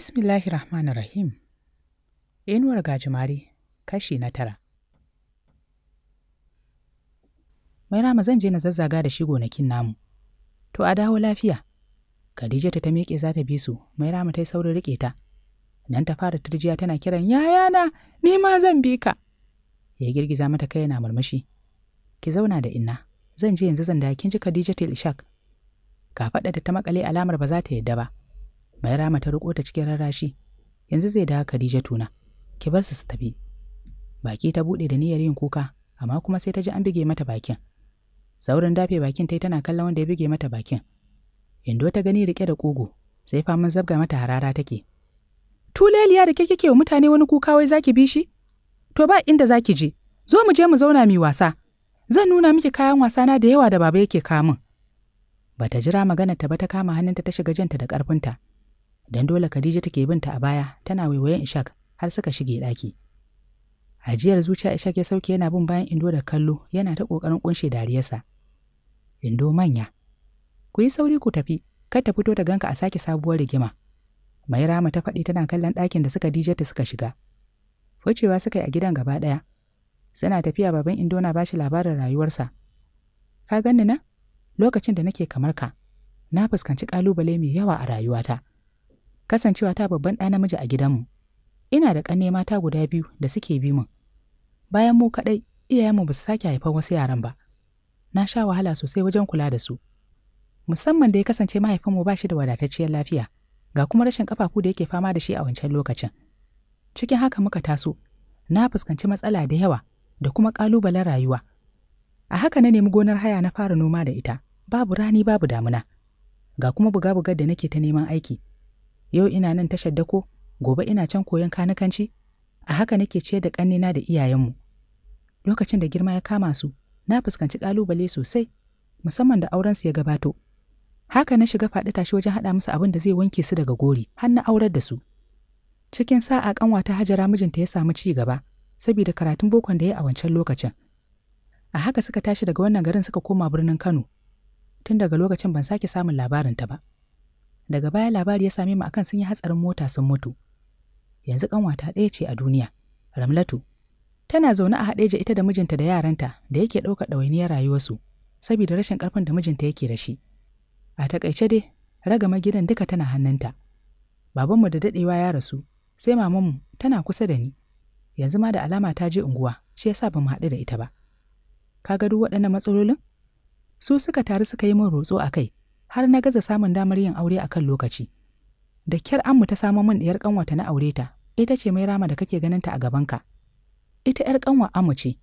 Bismillahi Rahmanir Rahim. Inuwar gajimare kashi na tara. Mai rama zan je na zazzaga da shi gonakin namu. To a dawo lafiya. Khadija ta miƙe za ta bi su, mai rama ta yi saurin riƙe ta. Nan ta fara turjiya tana kiran yayana, ni ma zan bi ka. Ya girgiza mata kai yana murmushi. Ki zauna da inna, zan je yanzu zan da kin ji Khadija ta Ishaq. Ka faɗa ta makale alamar ba za ta yadda ba. Bairama ta riko ta cikin rarrashi. Yanzu zai da Khadija tuna. Ki bar su su tafi. Baki ta bude da niyyar yin kuka, amma kuma sai ta ji an bige mata bakin. Saurin dafe bakin tai tana kallon wanda ya bige mata bakin. Indo ta gani rike da ƙugu, sai faman zabga mata harara take. Tuleliya da ke kike wa mutane wani kuka wai zaki bi shi? To ba inda zaki je, zo mu je mu zauna mi wasa. Zan nuna miki kayan wasa na da yawa da baba yake kamun. Bata jira magana ta ba ta kama hannunta ta shiga janta da ƙarfinta. Dan dole Khadija take binta a baya tana waiwayen Ishak har suka shige daki. Ajiyar zuciya Ishak ya sauke yana bin bayan Indo da kallo yana ta ƙoƙarin ƙunshe dariyarsa. Indo manya. Ku yi sauri ku tafi, kar ta fito da ganka a sake sabuwar rigima. Mai rama ta faɗi tana kallon ɗakin da suka ta suka shiga. Ficewa suka yi a gidan gaba ɗaya. Suna tafiya baban Indo na bashi labarin rayuwarsa. Ka ganni na? Lokacin da nake kamar ka, na fuskanci ƙalubale mai yawa a rayuwata. kasancewa ta babban ɗa namiji a gidanmu. Ina da ƙanne mata guda biyu da suke bi min. Bayan mu kaɗai, iyayenmu ba su sake haifan wasu yaran ba. Na sha wahala sosai wajen kula da su. Musamman da ya kasance mahaifinmu ba shi da wadatacciyar lafiya, ga kuma rashin ƙafafu da yake fama da shi a wancan lokacin. Cikin haka muka taso, na fuskanci matsala da yawa da kuma ƙalubalen rayuwa. A haka na nemi gonar haya na fara noma da ita, babu rani babu damuna. Ga kuma buga-bugar da nake ta neman aiki, yau ina nan tashar dako gobe ina can koyon kanikanci a haka nake ciyar da ƙannena da iyayenmu lokacin da girma ya kama su na fuskanci ƙalubale sosai musamman da auren su ya gabato haka na shiga faɗi tashi wajen haɗa musu abin da zai wanke su daga gori har na aurar da su cikin sa'a ƙanwata hajara mijinta ya samu ci gaba saboda karatun bokon da ya a wancan lokacin a haka suka tashi daga wannan garin suka koma birnin kano tun daga lokacin ban sake samun labarin ta ba daga baya labari ya same mu akan sun yi hatsarin mota sun mutu yanzu kanwata ɗaya ce a duniya ramlatu tana zaune a haɗeja ita da mijinta da yaranta da yake ɗaukar ɗawainiyar rayuwarsu saboda rashin ƙarfin da mijinta yake da shi a taƙaice dai ragama gidan duka tana hannunta babanmu da daɗewa ya rasu sai mamanmu tana kusa da ni yanzu ma da alama ta je unguwa shi ya sa ba mu haɗu da ita ba ka ga duk waɗannan matsalolin su suka taru suka yi min rotso a kai har na gaza samun damar yin aure a kan lokaci. Da kyar ammu ta samo min ɗiyar ƙanwata na aure ta, ita ce mai rama da kake ganin ta a gaban ka. Ita ‘yar ƙanwa mu ce,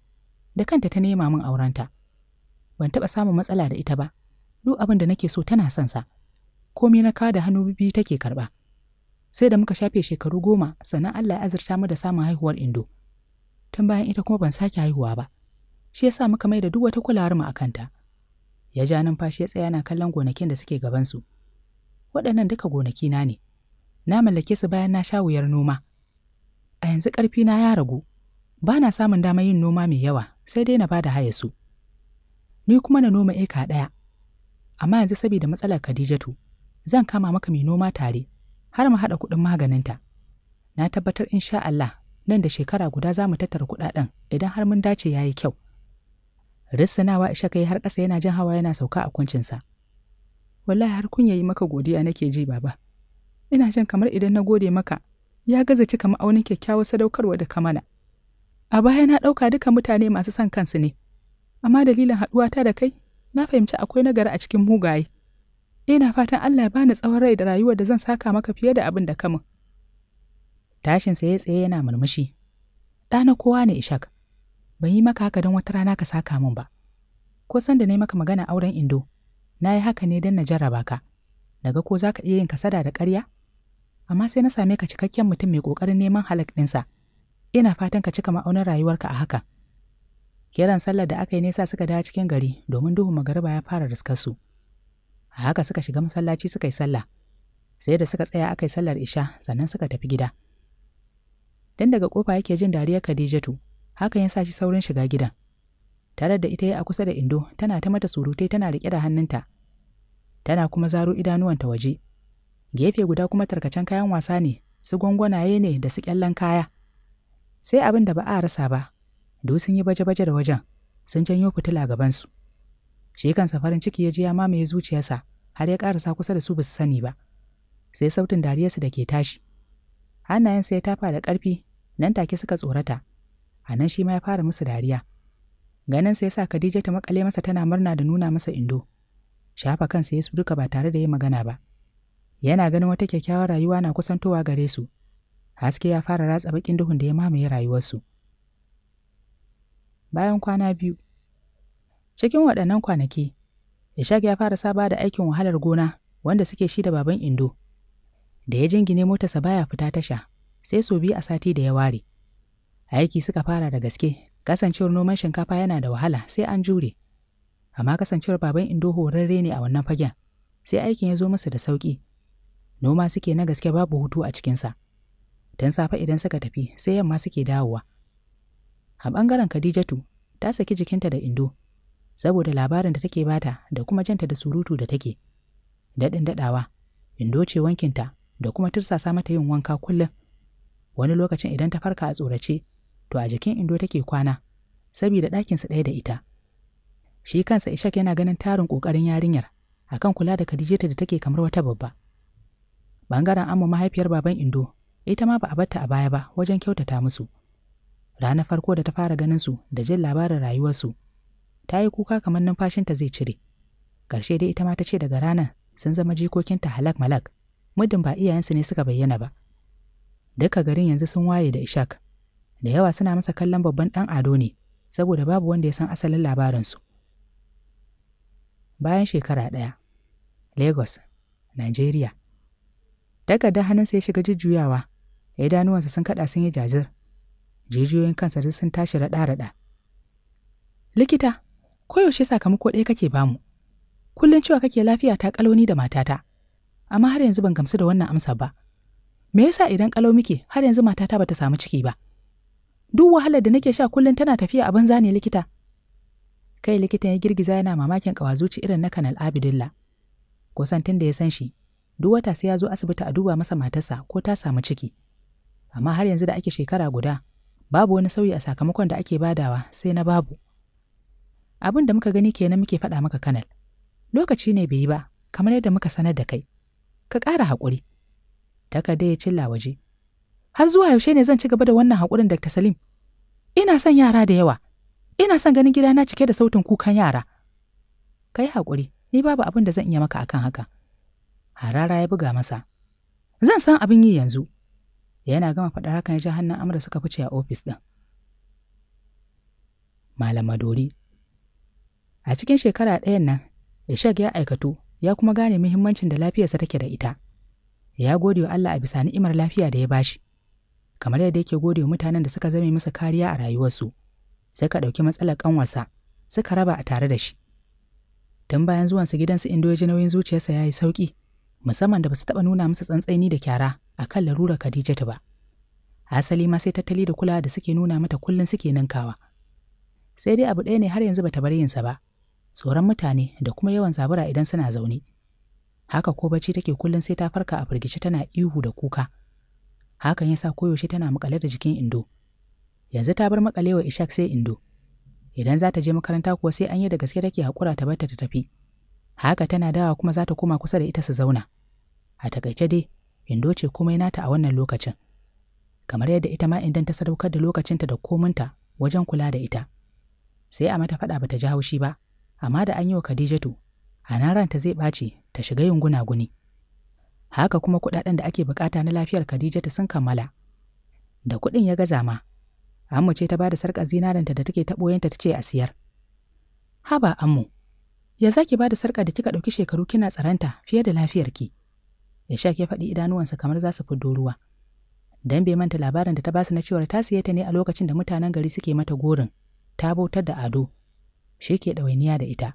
da kanta ta nema min aurenta. Ban taɓa samun matsala da ita ba, duk abin da nake so tana son sa. Komai na kawo da hannu biyu take karɓa. Sai da muka shafe shekaru goma sannan Allah ya azurta mu da samun haihuwar indo. Tun bayan ita kuma ban sake haihuwa ba. Shi yasa muka mai da duk wata kulawar mu a kanta. ya ja numfashi ya tsaya yana kallon gonakin da suke gabansu waɗannan duka gonaki na ne na mallake su bayan na sha wuyar noma a yanzu ƙarfina ya ragu ba na samun damar yin noma mai yawa sai dai na ba da haya su ni kuma na noma eka ɗaya amma yanzu saboda matsalar Khadijatu zan kama maka mai noma tare har mu haɗa kuɗin maganinta na tabbatar insha Allah nan da shekara guda za mu tattara kuɗaɗen idan har mun dace ya yi kyau Risinawa Ishak ya har ƙasa yana jin hawa yana sauka a kuncinsa. Wallahi har kun yi maka godiya nake ji baba. Ina jin kamar idan na gode maka ya gaza cika ma'aunin kyakkyawar sadaukarwa da mana. A baya na ɗauka duka mutane masu son kansu ne, amma dalilin ta da kai na fahimci akwai nagari a cikin mugaye. Ina fatan Allah ya bani tsawon rai da rayuwar da zan saka maka fiye da abin da kamun. Tashin ya tsaye yana murmushi. Ɗana kowa ne Ishak, ban yi maka haka don wata rana ka saka min ba. Ko san da na yi maka magana auren Indo, na yi haka ne don na jarraba ka, daga ko za ka iya yin kasada da ƙarya? Amma sai na same ka cikakken mutum mai ƙoƙarin neman halak ɗinsa. Ina fatan ka cika ma'aunin rayuwarka a haka. Kiran sallar da aka yi nesa suka dawo cikin gari domin duhun magariba ya fara su. A haka suka shiga masallaci suka yi sallah. Sai da suka tsaya aka yi sallar isha sannan suka tafi gida. Dan daga kofa yake jin dariyar Khadijatu hakan ya sa shi saurin shiga gidan tare da ita ya a kusa da indo tana ta mata surutai tana riƙe da hannunta tana kuma zaro idanuwanta waje gefe guda kuma tarkacen kayan wasa ne su gwangwanaye ne da su kyallan kaya sai abin da ba a rasa ba duk sun yi baje-baje da wajen sun janyo fitila gabansu shi kansa farin ciki ya ji ya mamaye zuciyarsa har ya ƙarasa kusa da su ba sani ba sai sautin dariyarsu da ke tashi hannayensa ya tafa da ƙarfi nan take suka tsorata a nan shi ma ya fara musu dariya ganin sai sa Khadija ta makale masa tana murna da nuna masa indo shafa kansa ya duka ba tare da yin magana ba yana ganin wata kyakkyawar rayuwa na kusantowa gare su haske ya fara ratsa bakin duhun da ya mamaye rayuwarsu bayan kwana biyu cikin waɗannan kwanaki Ishaq ya fara saba da aikin wahalar gona wanda suke shi da baban Indo. Da ya jingine motarsa baya fita tasha, sai so biyu a sati da ya ware. Aiki suka fara da gaske, kasancewar noman shinkafa yana da wahala sai an jure. Amma kasancewar baban Indo horarre ne a wannan fagen, sai aikin ya zo musu da sauƙi. Noma suke na gaske babu hutu a cikinsa. Don safe idan suka tafi sai yamma suke dawowa. A ɓangaren Khadijatu, ta saki jikinta da Indo, saboda labarin da take bata da kuma janta da surutu da take. Daɗin daɗawa, Indo ce wankinta da kuma tursasa mata yin wanka kullum. Wani lokacin idan ta farka a tsorace, to a jikin indo take kwana saboda ɗakinsa ɗaya da ita shi kansa ishak yana ganin tarin ƙoƙarin yarinyar akan kula da kadijeta da take kamar wata babba bangaren amma mahaifiyar baban indo ita ma ba a batta a baya ba wajen kyautata musu ranar farko da ta fara ganin su da jin labarin rayuwarsu ta yi kuka kamar numfashinta zai cire ƙarshe dai ita ma ta ce daga ranar sun zama jikokinta halak malak muddin ba iyayensu ne suka bayyana ba duka garin yanzu sun waye da ishak da yawa suna masa kallon babban ɗan ado ne saboda babu wanda ya san asalin labarinsu bayan shekara ɗaya lagos nigeria takarda hannunsa ya shiga jujjuyawa idanuwansa sun kaɗa sun yi jajir jijiyoyin kansa duk sun tashi raɗa-raɗa likita koyaushe sakamako ɗaya kake bamu kullum cewa kake lafiya ta kaloni da matata amma har yanzu ban gamsu da wannan amsa ba me yasa idan kalau muke har yanzu matata bata samu ciki ba duk wahalar da nake sha kullum tana tafiya a banza ne likita kai likitan ya girgiza yana mamakin kawazuci irin na kanal abidullah kusan tun da ya san shi duk wata sai ya zo asibiti a duba masa matarsa ko ta samu ciki amma har yanzu da ake shekara guda babu wani sauyi a sakamakon da ake badawa sai na babu abin da muka gani kenan muke faɗa maka kanal lokaci ne bai yi ba kamar yadda muka sanar da kai ka ƙara haƙuri takarda ya cilla waje har zuwa yaushe ne zan ci gaba da wannan haƙurin Dr. Salim? Ina son yara da yawa. Ina son ganin gidana cike da sautin kukan yara. Ka yi haƙuri, ni babu abin da zan iya maka akan haka. Harara ya buga masa. Zan san abin yi yanzu. Yana gama faɗar hakan ya ji hannun Amra suka fice a ofis ɗin. Malam Madori. A cikin shekara ɗayan nan, Ishaq ya aikatu ya kuma gane muhimmancin da lafiyarsa take da ita. Ya gode wa Allah a bisa ni'imar lafiya da ya bashi. kamar yadda yake gode wa mutanen da suka zame masa kariya a rayuwarsu sai ka ɗauki matsalar ƙanwarsa suka raba a tare da shi tun bayan zuwansa gidansa indo ya ji nauyin zuciyarsa ya yi sauƙi musamman da ba su taɓa nuna masa tsantsaini da kyara a kan larurar Khadijatu ba. Asali ma sai tattali da kulawa da suke nuna mata kullum suke ninkawa. Sai dai abu ɗaya ne har yanzu bata bar yinsa ba, tsoron mutane da kuma yawan zabura idan suna zaune. Haka ko bacci take kullum sai ta farka a firgice tana ihu da kuka, hakan ya sa koyaushe tana makale da jikin indo yanzu ta bar wa ishak sai indo idan za ta je makaranta kuwa sai an yi da gaske take haƙura ta barta ta tafi haka tana dawa kuma za ta koma kusa da ita su zauna a takaice dai indo ce komai nata a wannan lokacin kamar yadda ita ma indan ta sadaukar da lokacinta da kominta wajen kula da ita sai a mata faɗa bata ji haushi ba amma da an yi wa Khadijatu a nan ranta zai ɓaci ta shiga yin guna-guni haka kuma kuɗaɗen da ake bukata na lafiyar Khadija ta sun kammala. Da kuɗin ya gaza ma, Ammu ce ta ba da sarƙar zinarinta da take taɓoyinta ta ce a siyar. Haba Ammu, ya zaki ba da sarƙar da kika ɗauki shekaru kina tsaranta fiye da lafiyarki. ki. ya faɗi idanuwansa kamar za su fiddo ruwa. Dan bai manta labarin da ta basu na cewar ta siye ta ne a lokacin da mutanen gari suke mata gorin, ta bautar da ado, shi ke ɗawainiya da ita.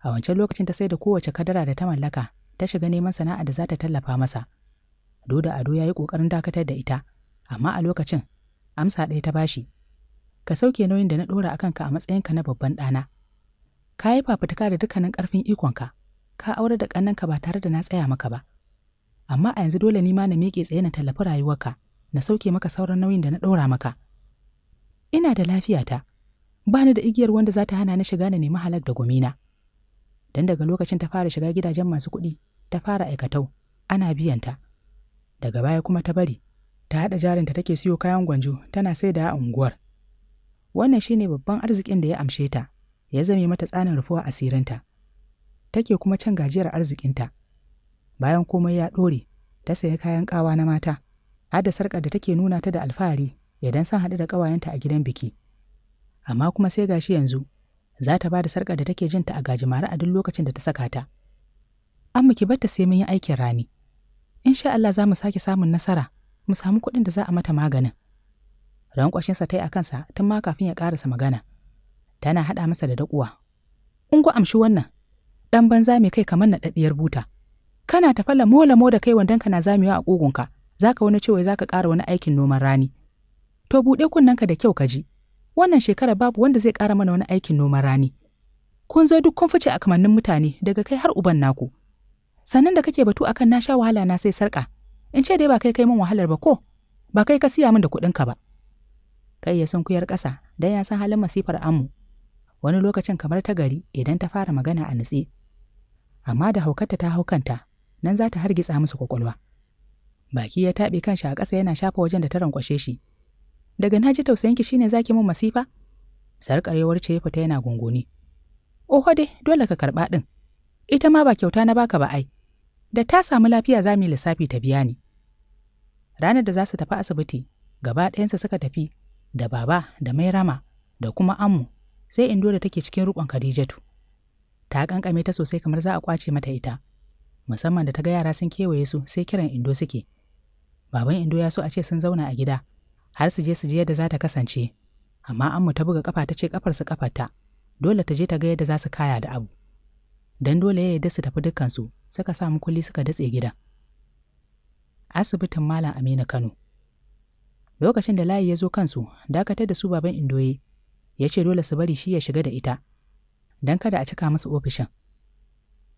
A wancan lokacin ta sai da kowace kadara da ta mallaka ta shiga neman sana'a da za ta tallafa masa. Doda Ado ya yi ƙoƙarin dakatar da ita, amma a lokacin amsa ɗaya ta bashi. Ka sauke nauyin da na ɗora a kanka a matsayinka na babban ɗana. Ka yi fafutuka da dukkanin ƙarfin ikonka, ka aure da ƙannanka ba tare da na tsaya maka ba. Amma a yanzu dole ni ma na miƙe tsaye na tallafi rayuwarka, na sauke maka sauran nauyin da na ɗora maka. Ina da lafiyata, ba ni da igiyar wanda za ta hana ni shiga na nemi halak da gumina. don daga lokacin ta fara shiga gidajen masu kuɗi ta fara aikatau ana biyanta daga baya kuma ta bari ta haɗa jarinta take siyo kayan gwanjo tana sai da a unguwar wannan shine babban arzikin da ya amshe ta ya zame mata tsanin rufuwa asirinta take kuma can gajiyar arzikinta bayan komai ya ɗore ta sayi kayan ƙawa na mata har da sarƙar da take nuna ta da alfahari idan san haɗu da ƙawayenta a gidan biki amma kuma sai gashi yanzu za ta ba da sarƙar da take jinta a gajimare a duk lokacin da ta saka ta. An ki barta sai mun yi aikin rani. In sha Allah za mu sake samun nasara, mu samu kuɗin da za a mata maganin. Rankwashinsa ta yi a kansa tun ma kafin ya ƙarasa magana. Tana haɗa masa da daƙuwa. In ku amshi wannan, ɗan banza mai kai kamar naɗaɗɗiyar buta. Kana tafa lamo-lamo da kai ka na zamewa a ƙugunka, za ka wani cewa za ka ƙara wani aikin noman rani. To buɗe kunnenka da kyau ka ji, wannan shekara babu wanda zai kara mana wani aikin noman rani kun zo duk kun fice a kamannin mutane daga kai har uban naku sannan da kake batu akan na sha wahala na sai sarƙa in ce dai ba kai kai min wahalar ba ko ba kai ka siya min da kuɗinka ba kai ya sunkuyar ƙasa dan ya san halin masifar amu wani lokacin kamar ta gari idan ta fara magana a nutse amma da haukarta ta haukanta nan za ta hargitsa musu kwakwalwa baki ya taɓe kanshi a ƙasa yana shafa wajen da ta rankwashe shi daga na ji tausayinki shine zaki mun masifa sarƙarewar ce ya fita yana gunguni oho dai dole ka karɓa ɗin ita ma ba kyauta na baka ba ai da ta samu lafiya za mu lissafi ta biya ni ranar da za su tafi asibiti gaba ɗayansa suka tafi da baba da mai rama da kuma ammu sai indo da take cikin rukon Khadijatu. Ta kankame ta sosai kamar za a kwace mata ita, musamman da ta ga yara sun kewaye su sai kiran indo suke. Baban indo ya so a ce sun zauna a gida, har su je su je yadda za ta kasance amma mu ta buga kafa ta ce kafar su kafarta dole ta je ta ga yadda za su kaya da abu dan dole ya yadda su tafi dukkansu suka sa mukulli suka datse gida asibitin malam aminu kano lokacin da layi ya zo kansu dakatar da su baban indoye ya ce dole su bari shi ya shiga da ita dan kada a cika musu ofishin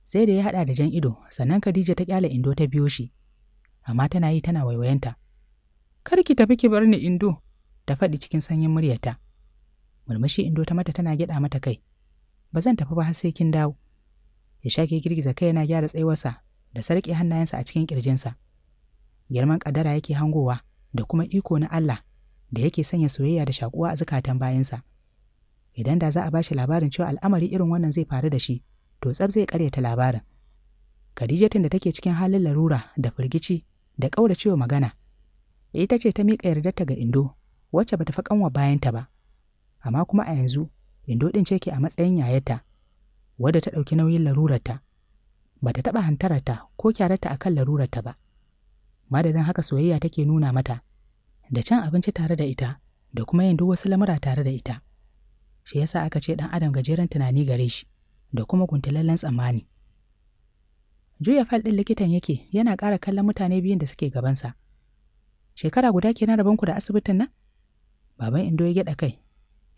sai da ya haɗa da jan ido sannan khadija ta kyale indo ta biyo shi amma tana yi tana waiwayenta kar ki tafi ki bar ni indo ta faɗi cikin sanyin muryata murmushi indo ta mata tana gyaɗa mata kai ba zan tafi ba har sai kin dawo ya shake girgiza kai yana gyara tsayuwarsa da sarƙe hannayensa a cikin ƙirjinsa girman ƙadara yake hangowa da kuma iko na Allah da yake sanya soyayya da shakuwa a zukatan bayansa idan da za a bashi labarin cewa al'amari irin wannan zai faru da shi to tsab zai karyata labarin Khadijatin da take cikin halin larura da firgici da ƙauracewa magana ita ce ta miƙa yardarta ga indo wacce bata fi kanwa bayanta ba amma kuma a yanzu indo ɗin ce ke a matsayin yayata wadda ta ɗauki nauyin larurarta bata taɓa hantararta ko kyararta kan larurarta ba madadin haka soyayya take nuna mata da can abinci tare da ita da kuma yin duk wasu lamura tare da ita shi yasa aka ce ɗan adam gajeren tunani gare shi da kuma guntulallen tsammani juya fal ɗin likitan yake yana ƙara kallon mutane biyun da suke gabansa Shekara guda ke kenan rabonku da asibitin nan? Baban Indo ya gyaɗa kai.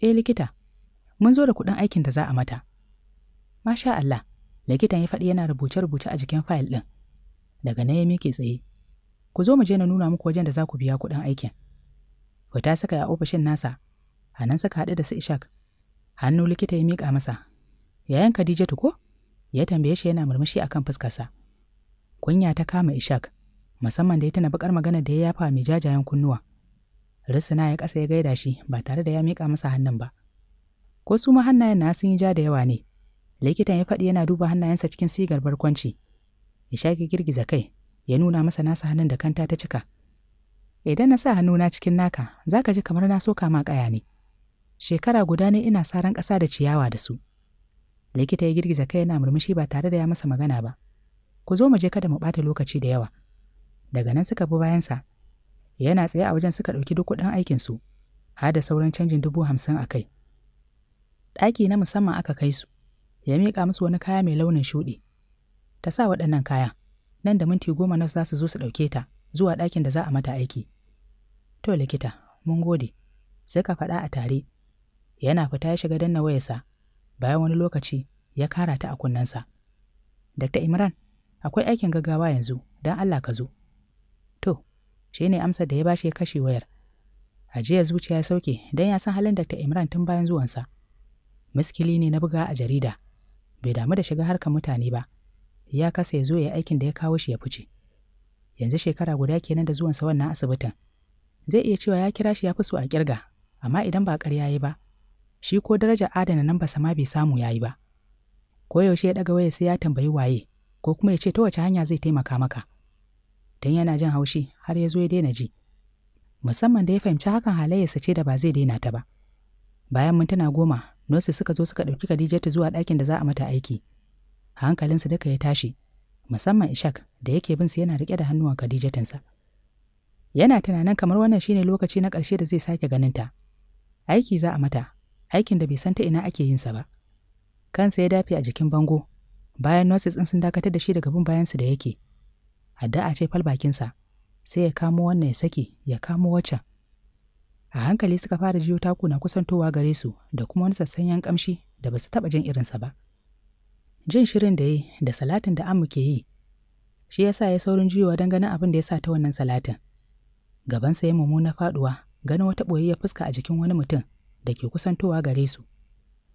Eh likita, mun zo da kuɗin aikin da za a mata. Masha Allah, likitan ya faɗi yana rubuce-rubuce a jikin fayil ɗin. Daga nan ya miƙe tsaye. Ku zo mu je na nuna muku wajen da za ku biya kuɗin aikin. Fita saka a ofishin nasa, a nan saka haɗu da su Ishak. Hannu likita ya mika masa. Yayan Khadijatu ko? Ya tambaye shi yana murmushi akan fuskarsa. Kunya ta kama Ishak. musamman da ya tana bakar magana da ya yafa mai jajayen kunnuwa. Rissina ya ƙasa ya gaida shi ba tare da ya mika masa hannun ba. Ko su ma hannayen na sun yi ja da yawa ne. Likitan ya faɗi yana duba hannayensa cikin sigar barkwanci. Ishaki girgiza kai, ya nuna masa nasa hannun da kanta ta cika. Idan na sa na cikin naka, za ka ji kamar na soka ma ƙaya ne. Shekara guda ne ina saran ƙasa da ciyawa da su. Likita ya girgiza kai yana murmushi ba tare da ya masa magana ba. Ku zo mu je kada mu ɓata lokaci da yawa. daga nan suka bi bayansa yana tsaye a wajen suka ɗauki duk kuɗin aikinsu har da sauran canjin dubu hamsin a kai ɗaki na musamman aka kai su ya miƙa musu wani kaya mai launin shuɗi ta sa waɗannan kaya nan da minti goma na za su zo su ɗauke ta zuwa ɗakin da za a mata aiki to likita mun gode sai ka faɗa a tare yana fita ya shiga danna wayarsa bayan wani lokaci ya kara ta a kunnensa. Dr. Imran, akwai aikin gaggawa yanzu, don Allah ka zo. shi ne Amsa da ya bashi ya kashe wayar ajiya zuciya ya sauke don ya san halin Dr. Imran tun bayan zuwansa. Miskili ne na buga a jarida, bai damu da shiga harkar mutane ba, ya kasa ya zo ya aikin da ya kawo shi ya fice. Yanzu shekara guda kenan da zuwansa wannan asibitin. Zai iya cewa ya kira shi ya fi so a kirga, amma idan ba ƙarya yi ba, shi ko daraja adana nan ba ma bai samu ya yi ba. Ko yaushe ya ɗaga waya sai ya tambayi waye, ko kuma ya ce ta wace hanya zai taimaka maka. don yana jin haushi har ya zo ya daina ji. Musamman da ya fahimci hakan halayyarsa ce da ba zai daina ta ba. Bayan mintuna goma, nosi suka zo suka ɗauki Khadijatu zuwa ɗakin da za a mata aiki. Hankalinsu duka ya tashi, musamman Ishak da yake bin su yana riƙe da hannuwan Khadijatinsa. Yana tunanin kamar wannan shine lokaci na ƙarshe da zai sake ganin ta Aiki za a mata, aikin da bai san ta ina ake yin sa ba. Kansa ya dafe a jikin bango, bayan nurses ɗin sun dakatar da shi daga bin bayansu da yake. A da, a ce fal bakinsa sai ya kamo wannan ya sake ya kamo waccan a hankali suka fara jiyo taku na kusantowa gare su da kuma wani sassan yankamshi da ba su taɓa jin irinsa ba jin shirin da yi da salatin da amu ke yi shi ya sa ya saurin jiyowa don ganin abin da ya sa ta wannan salatin gabansa ya mummuna faɗuwa ganin wata ya fuska a jikin wani mutum da ke kusantowa gare su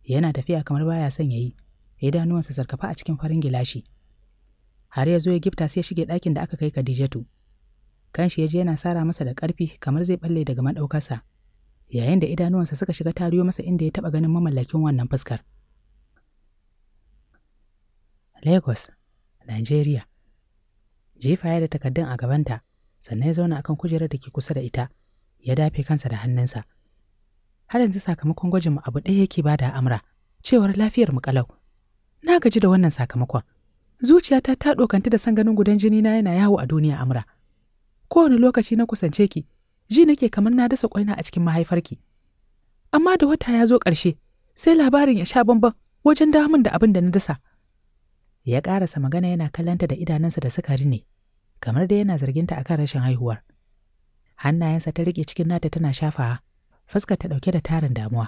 yana tafiya kamar baya son ya yi idanuwansa sarkafa a cikin farin gilashi Har ya zo ya gifta sai ya shige ɗakin da aka kai Khadijatu. Kanshi ya je yana sara masa da ƙarfi kamar zai balle daga maɗaukarsa. Yayin da idanuwansa suka shiga tariyo masa inda ya taɓa ganin mamallakin wannan fuskar. Lagos, Nigeria. Jefa da takardun a gabanta, sannan ya zauna akan kujerar da ke kusa da ita, ya dafe kansa da hannunsa. Har yanzu sakamakon gwajinmu abu ɗaya yake ba da amra, cewar lafiyar mu kalau. Na gaji da wannan sakamakon. zuciyata ta ɗokanta da san ganin gudan jini na yana yawo a duniya amra kowane lokaci na kusance ki ji nake kamar na dasa kwaina a cikin mahaifarki amma da wata ya zo ƙarshe sai labarin ya sha bamban wajen damun da abin da na dasa ya ƙarasa magana yana kallanta da idanunsa da suka rine kamar da yana zarginta akan rashin haihuwar hannayensa ta riƙe cikin nata tana shafawa fuskar ta ɗauke da tarin damuwa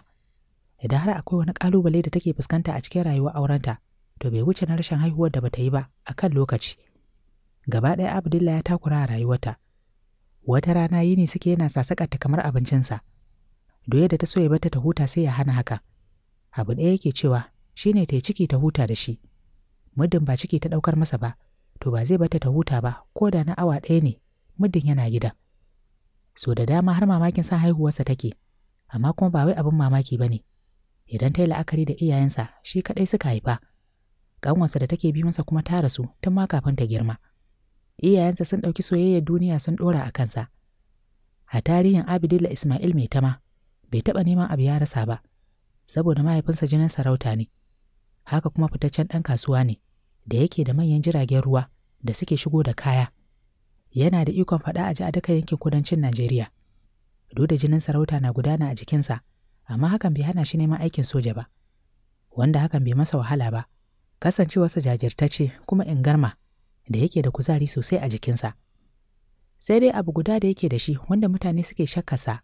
idan har akwai wani ƙalubale da take fuskanta a cikin rayuwar aurenta to bai wuce na rashin haihuwar da bata yi ba a kan lokaci gaba ɗaya abdulla ya takura a rayuwarta wata rana yini suke yana sa ta kamar abincinsa doya da ta so ya bata ta huta sai ya hana haka abu ɗaya yake cewa shine ta yi ciki ta huta da shi muddin ba ciki ta ɗaukar masa ba to ba zai bata ta huta ba ko da na awa ɗaya ne muddin yana gida so da dama har mamakin san haihuwarsa take amma kuma ba wai abin mamaki ba ne idan ta yi la'akari da iyayensa shi kaɗai suka haifa kanwansa da take bi masa kuma ta rasu tun ma kafin ta girma. Iyayensa sun ɗauki soyayyar duniya sun ɗora a kansa. A tarihin Abidilla Ismail mai tama, bai taɓa neman abu ya rasa ba, saboda mahaifinsa jinin sarauta ne. Haka kuma fitaccen ɗan kasuwa ne, da yake da manyan jiragen ruwa da suke shigo da kaya. Yana da ikon faɗa a ji a duka yankin kudancin Najeriya. Duk da jinin sarauta na gudana a jikinsa, amma hakan bai hana shi neman aikin soja ba. Wanda hakan bai masa wahala ba, kasancewarsa jajirtacce kuma in garma, da yake da kuzari sosai a jikinsa. Sai dai abu guda da yake da shi wanda mutane suke shakkasa,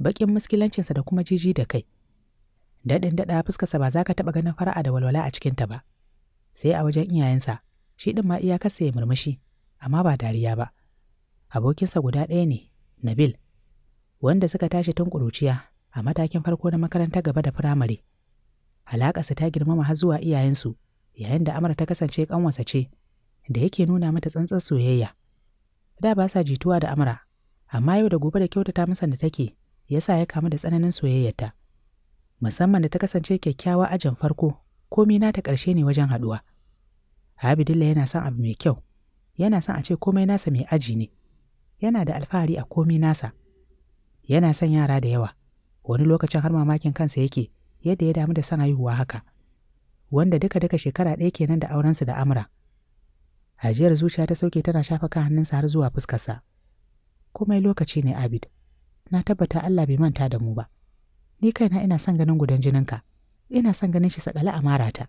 baƙin muskilancinsa da kuma jiji da kai. Daɗin daɗa fuskarsa ba za ka taɓa ganin fara'a da walwala a cikinta ba. Sai a wajen iyayensa, shi ɗin ma iya iyakarsa ya murmushi, amma ba dariya ba. Abokinsa guda ɗaya ne, Nabil, wanda suka tashi tun ƙuruciya a matakin farko na makaranta gaba da firamare. Alaƙarsa ta girmama har zuwa iyayensu, yayin da Amara ta kasance ƙanwarsa ce, da yake nuna mata tsantsan soyayya. Da ba sa jituwa da Amara, amma yau da gobe da kyautata masa da take, ya sa ya kamu da tsananin soyayyarta. Musamman da ta kasance kyakkyawa ajin farko, komi nata ƙarshe ne wajen haɗuwa. Abidilla yana son abu mai kyau, yana son a ce komai nasa mai aji ne, yana da alfahari a komi nasa. Yana son yara da yawa, wani lokacin har mamakin kansa yake, yadda ya damu da son haihuwa haka. wanda duka-duka shekara ɗaya kenan da aurensu da Amra. Hajiyar zuciya ta sauke tana shafa kan hannunsa har zuwa fuskarsa. Komai lokaci ne Abid, na tabbata Allah bai manta da mu ba. Ni kaina ina son ganin gudan jininka, ina son ganin shi sakala a marata.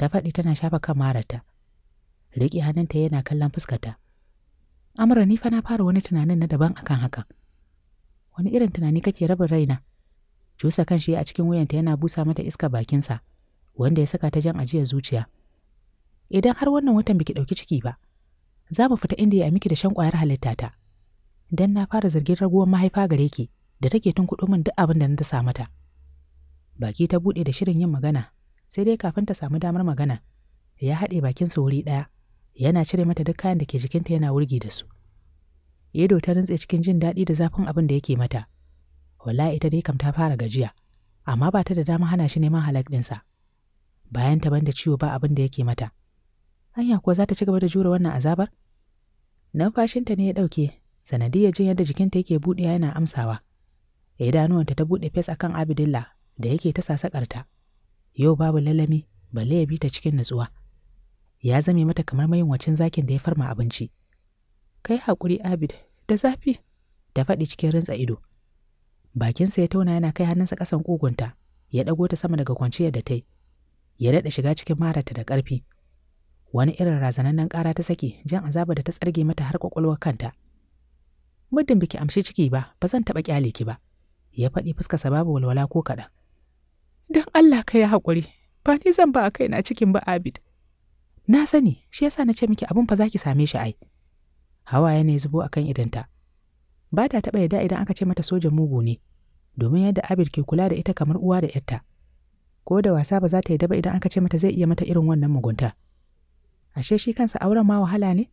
Ta faɗi tana shafa kan marata. Riƙe hannunta yana kallon fuskarta. Amra ni fa na fara wani tunanin na daban akan haka. Wani irin tunani kake rabin raina? Cusa kan shi a cikin wuyanta yana busa mata iska bakinsa. wanda ya saka ta jan ajiyar zuciya. Idan har wannan watan biki ɗauki ciki ba, za mu fita inda ya miki da shan ƙwayar halitta ta. Dan na fara zargin raguwar mahaifa gare ki da take tun kuɗi min duk abin da na ta mata. Baki ta buɗe da shirin yin magana, sai dai kafin ta samu damar magana, ya haɗe bakin sa wuri ɗaya, yana cire mata duk kayan da ke jikinta yana wurgi da su. ido ta rintse cikin jin daɗi da zafin abin da yake mata. Wallahi ita dai kam ta fara gajiya, amma ba ta da dama hana shi neman halak ɗinsa. bayan ta banda ciwo ba abin da yake mata. Anya kuwa za ta ci gaba da jure wannan azabar? Numfashinta ne ya ɗauke, sanadiyar jin yadda jikinta yake buɗewa yana amsawa. Idanuwanta ta buɗe fes akan abidilla da yake ta sasakarta. Yau babu lalami, balle ya bi ta cikin nutsuwa. Ya zame mata kamar mayin wacin zakin da ya farma abinci. Kai haƙuri Abid, da zafi, ta faɗi cikin rintsa ido. Bakinsa ya tauna yana kai hannunsa ƙasan ƙugunta, ya ɗago ta sama daga kwanciyar da ta yi. ya daɗa shiga cikin marata da ƙarfi. Wani irin razanannen ƙara ta sake jan azaba da ta tsarge mata har ƙwaƙwalwar kanta. Muddin biki amshi ciki ba, ba zan taɓa ƙyale ki ba, ya faɗi sa babu walwala ko kaɗan. Don Allah ka yi haƙuri, ba ni zan ba a kaina cikin ba Abid. Na sani, shi yasa na ce miki abin fa za ki same shi ai. Hawaye ne zubo a kan idanta. Ba ta taɓa yada idan aka ce mata sojan mugu ne, domin yadda Abid ke kula da ita kamar uwa da ‘yarta. ko da wasa ba za ta yi daba idan aka ce mata zai iya mata irin wannan mugunta ashe shi kansa auren ma wahala ne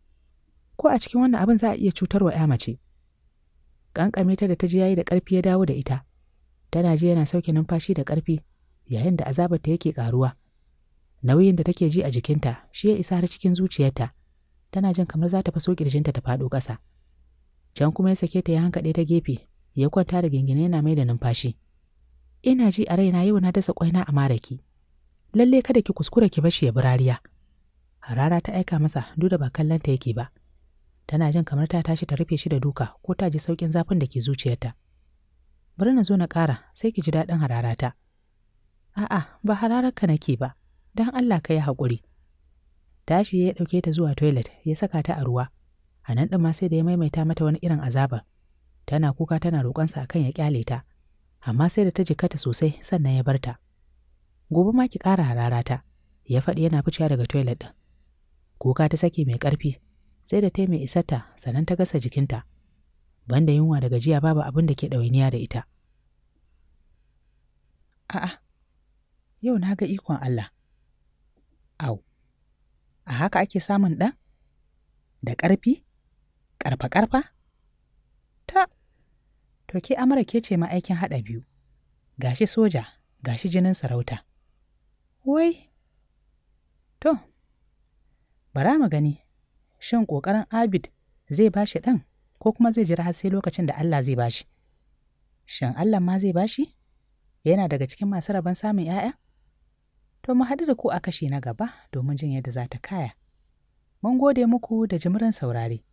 ko a cikin wannan abin za a iya cutarwa ya mace kankame ta da ta ji yayi da ƙarfi ya dawo da ita tana ji yana sauke numfashi da ƙarfi yayin da azabarta yake ƙaruwa nauyin da take ji a jikinta shi ya isa har cikin zuciyarta tana jin kamar za ta faso kirjinta ta faɗo ƙasa can kuma ya sake ta ya hankaɗe ta gefe ya kwanta da gingine yana mai da numfashi ina ji a raina yau na dasa ƙwaina a maraki lalle kada ki kuskura ki bashi ya birariya harara ta aika masa duk da ba kallanta yake ba tana jin kamar ta tashi ta rufe shi da duka ko ta ji sauƙin zafin da ke zuciyarta bari na zo na ƙara sai ki ji daɗin hararata a'a ba harararka nake ba don Allah ka yi haƙuri tashi ya ɗauke ta zuwa toilet ya saka ta a ruwa a nan ɗin ma sai da ya maimaita mata wani irin azabar tana kuka tana roƙonsa akan ya ƙyale ta amma sai da ta jikata sosai sannan ya barta. Gobe ma ki ƙara ta ya faɗi yana ficewa daga toilet ɗin. Kuka ta sake mai ƙarfi, sai da ta mai isarta sannan ta gasa jikinta. Banda yunwa da gajiya babu abin da ke ɗawainiya da ita. A'a, yau na ga ikon Allah. Au, a haka ake samun ɗan? Da ƙarfi? Ƙarfa-ƙarfa? Ta, To ke Amara ke ce ma aikin haɗa biyu, gashi soja, gashi jinin sarauta. Wai, to, bara mu gani, shin ƙoƙarin Abid zai ba shi ɗan ko kuma zai jira har sai lokacin da Allah zai ba shi? Shin Allah ma zai bashi? Yana daga cikin masu rabon samun ‘ya'ya? To, mu haɗu da ku a kashi na gaba domin jin yadda za ta kaya. Mun gode muku da jimirin saurare.